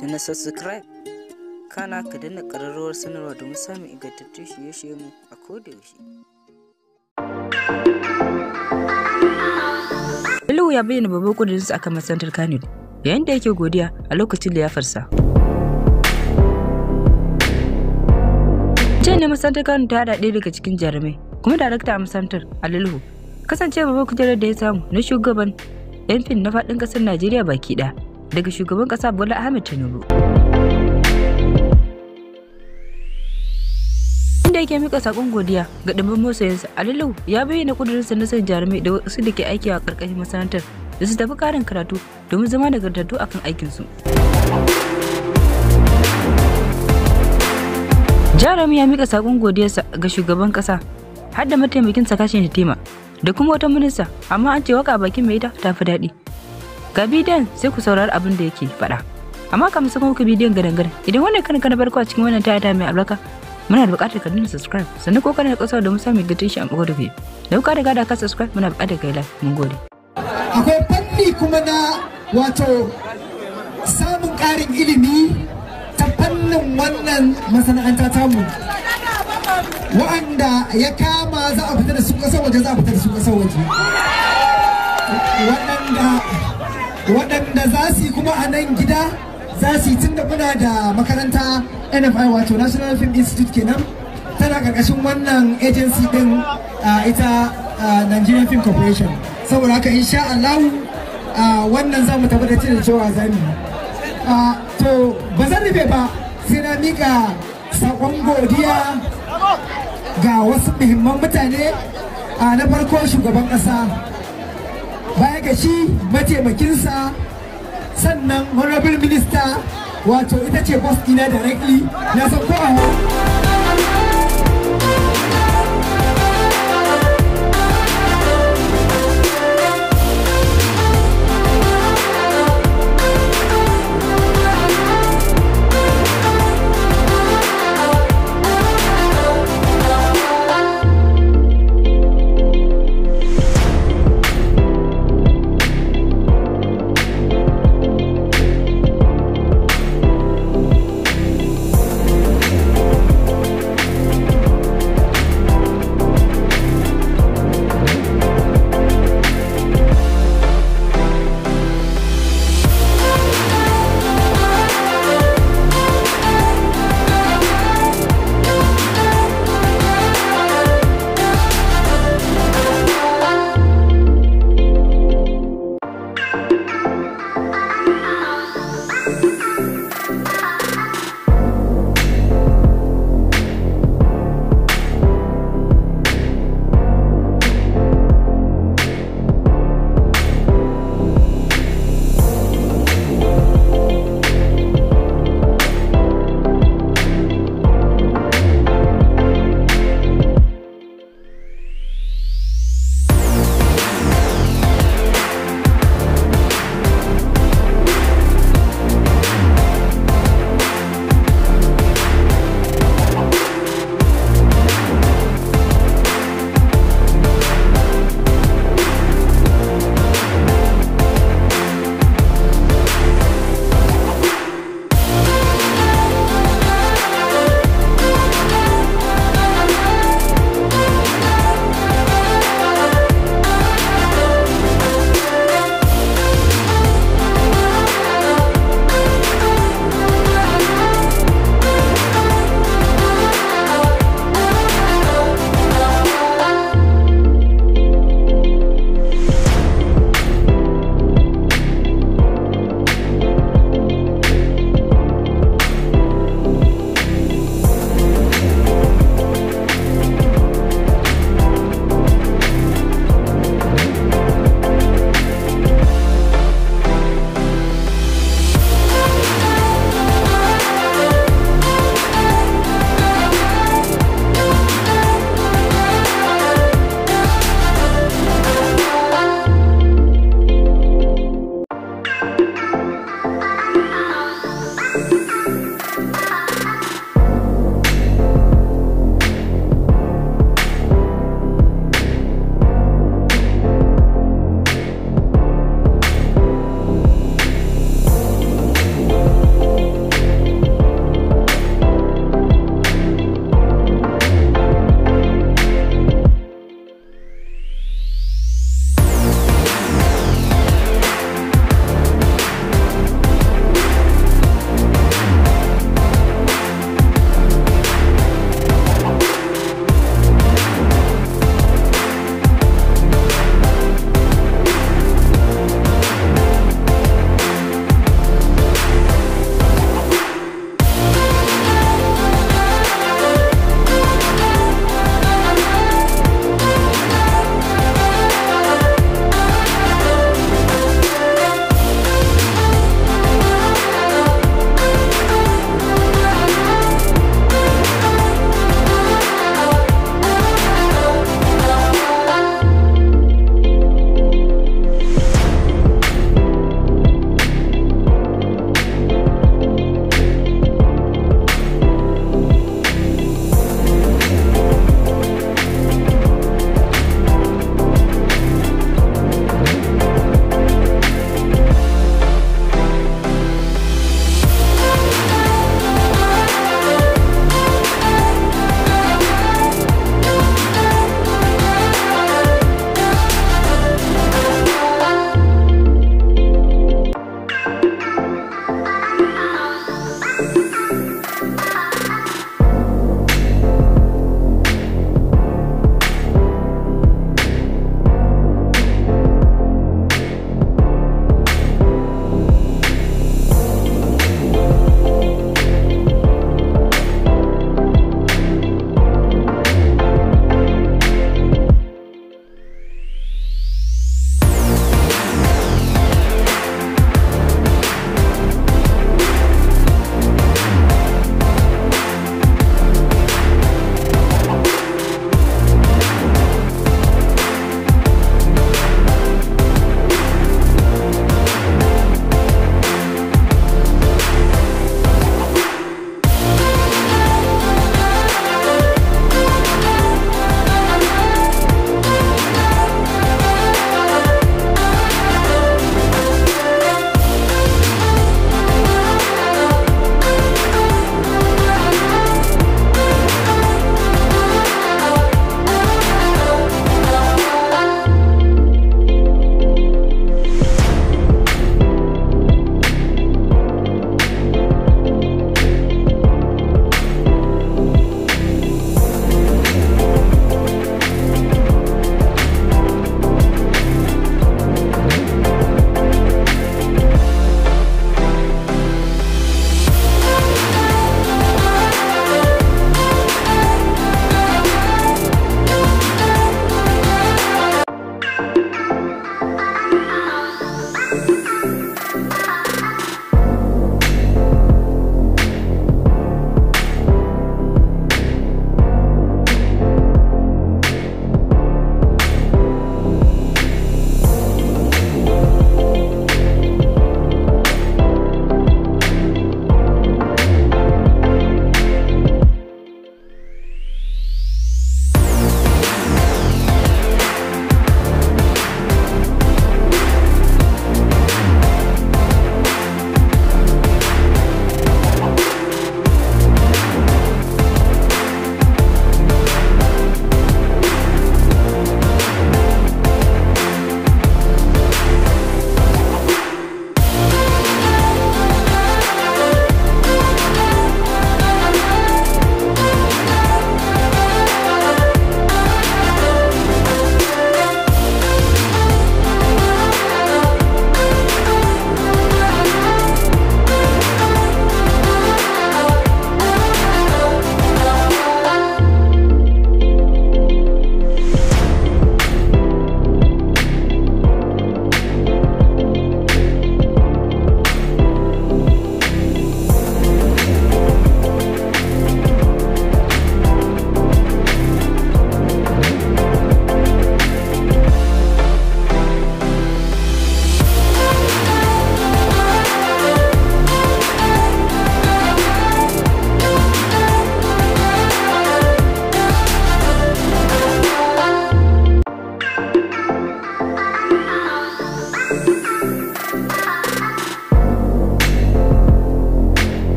da na subscribe kana ka dana kararrawar sanarwa domin samun ingantattun shirye-shirye mu a kodayaushe. Bilu ya bayyana babban su akan masantar Kano yayin da yake godiya a lokacin liyafarsa. Jiya ne masantar Kano ta haɗa ɗaya daga cikin jarumai kuma darakta a masantar aliluhu kasance babban kujerar da ya samu na shugaban yan na faɗin ƙasar Najeriya baki ɗaya. daga shugaban kasa Bola Ahmed Tinubu. Inda yake mika sakon godiya ga dimbin masoyansa, Alilu ya bayyana kudurinsa na son jarumai da wasu da ke aiki a karkashin masana'antar da su tafi karin karatu domin zama nagartattu akan aikinsu. Jarumi ya mika sakon godiyarsa ga shugaban ƙasa har da sakashin da tema da kuma wata minista amma an ce waka bakin mai ita ta fi daɗi ga bidiyon sai ku saurari abin da yake faɗa amma kamar kuma ku bidiyon gadan gadan idan wannan kan kana barko a cikin wannan tayata mai albarka muna da buƙatar ka nuna subscribe sannan ko kana da ƙasa da musamman da tushe shi an da kai da ka da gada ka subscribe muna buƙatar kai like mun gode akwai fanni kuma na wato samun ƙarin ilimi ta fannin wannan masana'anta tamu wa'anda ya kama za a fita da su ƙasar waje za a fita da su ƙasar waje waɗanda waɗanda za su yi kuma a nan gida za su yi tun da muna da makaranta NFI wato National Film Institute kenan tana ƙarƙashin wannan agency ɗin ita Nigerian Film Corporation saboda haka in insha Allah wannan za mu tafi da cewa za mu to ba zan rufe ba sai na mika saƙon godiya ga wasu muhimman mutane na farko shugaban ƙasa baya ga shi mataimakinsa sannan honorable minister wato ita ce boss ina directly na san kowa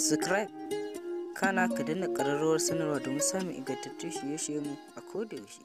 subscribe kana ka danna kararrawar sanarwa domin samun ingantattun shirye-shiryenmu a kodayaushe